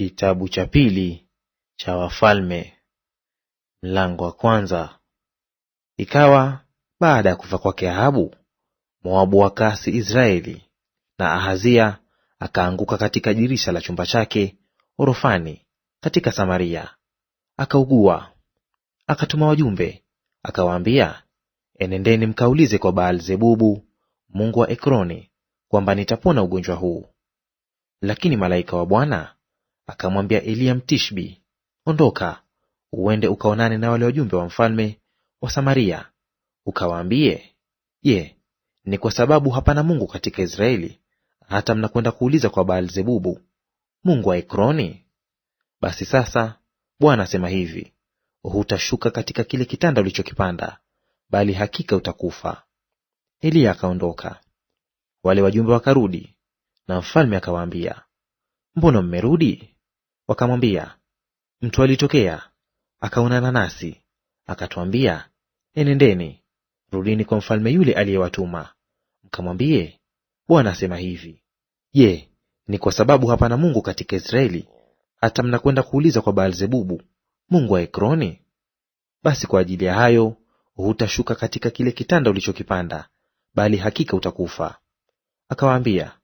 Kitabu cha pili cha Wafalme mlango wa kwanza. Ikawa baada ya kufa kwake Ahabu, Moabu wakaasi Israeli, na Ahazia akaanguka katika dirisha la chumba chake orofani katika Samaria, akaugua. Akatuma wajumbe akawaambia, enendeni mkaulize kwa Baal-Zebubu mungu wa Ekroni kwamba nitapona ugonjwa huu. Lakini malaika wa Bwana akamwambia Eliya Mtishbi, ondoka uende ukaonane na wale wajumbe wa mfalme wa Samaria, ukawaambie, Je, ni kwa sababu hapana Mungu katika Israeli hata mnakwenda kuuliza kwa Baal-Zebubu mungu wa Ekroni? Basi sasa Bwana asema hivi, hutashuka katika kile kitanda ulichokipanda, bali hakika utakufa. Eliya akaondoka. Wale wajumbe wakarudi, na mfalme akawaambia, mbona mmerudi? Wakamwambia, mtu alitokea akaonana nasi, akatwambia, enendeni, rudini kwa mfalme yule aliyewatuma, mkamwambie, Bwana asema hivi, Je, ni kwa sababu hapana Mungu katika Israeli hata mnakwenda kuuliza kwa Baalzebubu mungu wa Ekroni? Basi kwa ajili ya hayo hutashuka katika kile kitanda ulichokipanda, bali hakika utakufa. Akawaambia,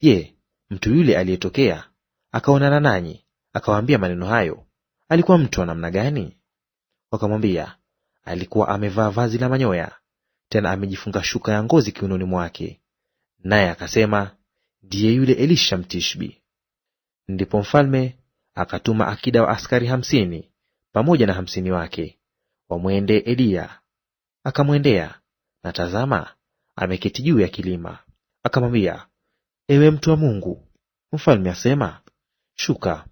Je, mtu yule aliyetokea akaonana nanyi Akawaambia maneno hayo alikuwa mtu wa namna gani? Wakamwambia, alikuwa amevaa vazi la manyoya, tena amejifunga shuka ya ngozi kiunoni mwake. Naye akasema, ndiye yule Elisha Mtishbi. Ndipo mfalme akatuma akida wa askari hamsini pamoja na hamsini wake wamwende Eliya. Akamwendea, na tazama, ameketi juu ya kilima. Akamwambia, ewe mtu wa Mungu, mfalme asema, shuka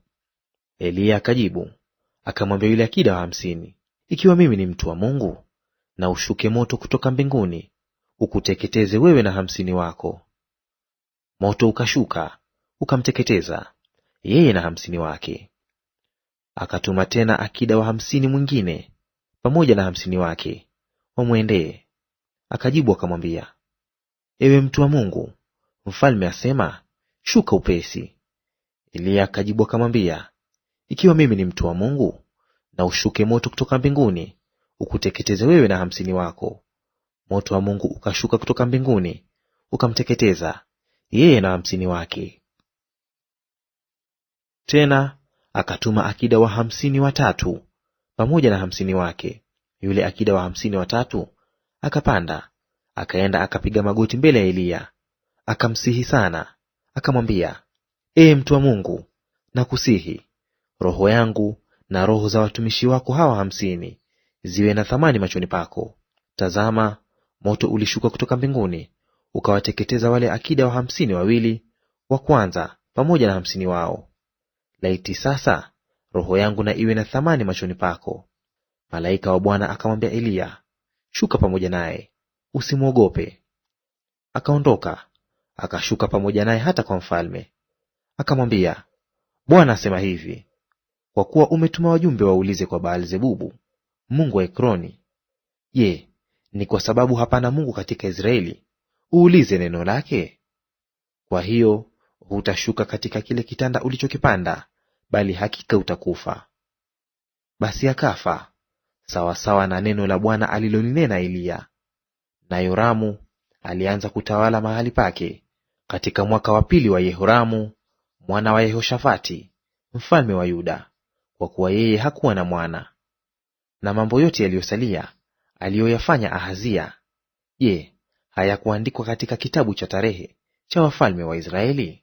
Eliya akajibu akamwambia yule akida wa hamsini, ikiwa mimi ni mtu wa Mungu, na ushuke moto kutoka mbinguni ukuteketeze wewe na hamsini wako. Moto ukashuka ukamteketeza yeye na hamsini wake. Akatuma tena akida wa hamsini mwingine pamoja na hamsini wake wamwendee. Akajibu akamwambia, ewe mtu wa Mungu, mfalme asema, shuka upesi. Eliya akajibu akamwambia, ikiwa mimi ni mtu wa Mungu, na ushuke moto kutoka mbinguni ukuteketeze wewe na hamsini wako. Moto wa Mungu ukashuka kutoka mbinguni ukamteketeza yeye na hamsini wake. Tena akatuma akida wa hamsini watatu pamoja na hamsini wake. Yule akida wa hamsini watatu akapanda akaenda akapiga magoti mbele ya Eliya akamsihi sana, akamwambia, Ee mtu wa Mungu, nakusihi roho yangu na roho za watumishi wako hawa hamsini ziwe na thamani machoni pako. Tazama, moto ulishuka kutoka mbinguni ukawateketeza wale akida wa hamsini wawili wa kwanza pamoja na hamsini wao. Laiti sasa roho yangu na iwe na thamani machoni pako. Malaika wa Bwana akamwambia Eliya, shuka pamoja naye, usimwogope. Akaondoka akashuka pamoja naye hata kwa mfalme, akamwambia, Bwana asema hivi, kwa kuwa umetuma wajumbe waulize kwa baalzebubu mungu wa Ekroni, Je, ni kwa sababu hapana Mungu katika Israeli uulize neno lake? Kwa hiyo hutashuka katika kile kitanda ulichokipanda, bali hakika utakufa. Basi akafa sawasawa na neno la Bwana alilolinena Eliya. Na Yoramu alianza kutawala mahali pake katika mwaka wa pili wa Yehoramu mwana wa Yehoshafati mfalme wa Yuda kwa kuwa yeye hakuwa na mwana. Na mambo yote yaliyosalia aliyoyafanya Ahazia, je, hayakuandikwa katika kitabu cha tarehe cha wafalme wa Israeli?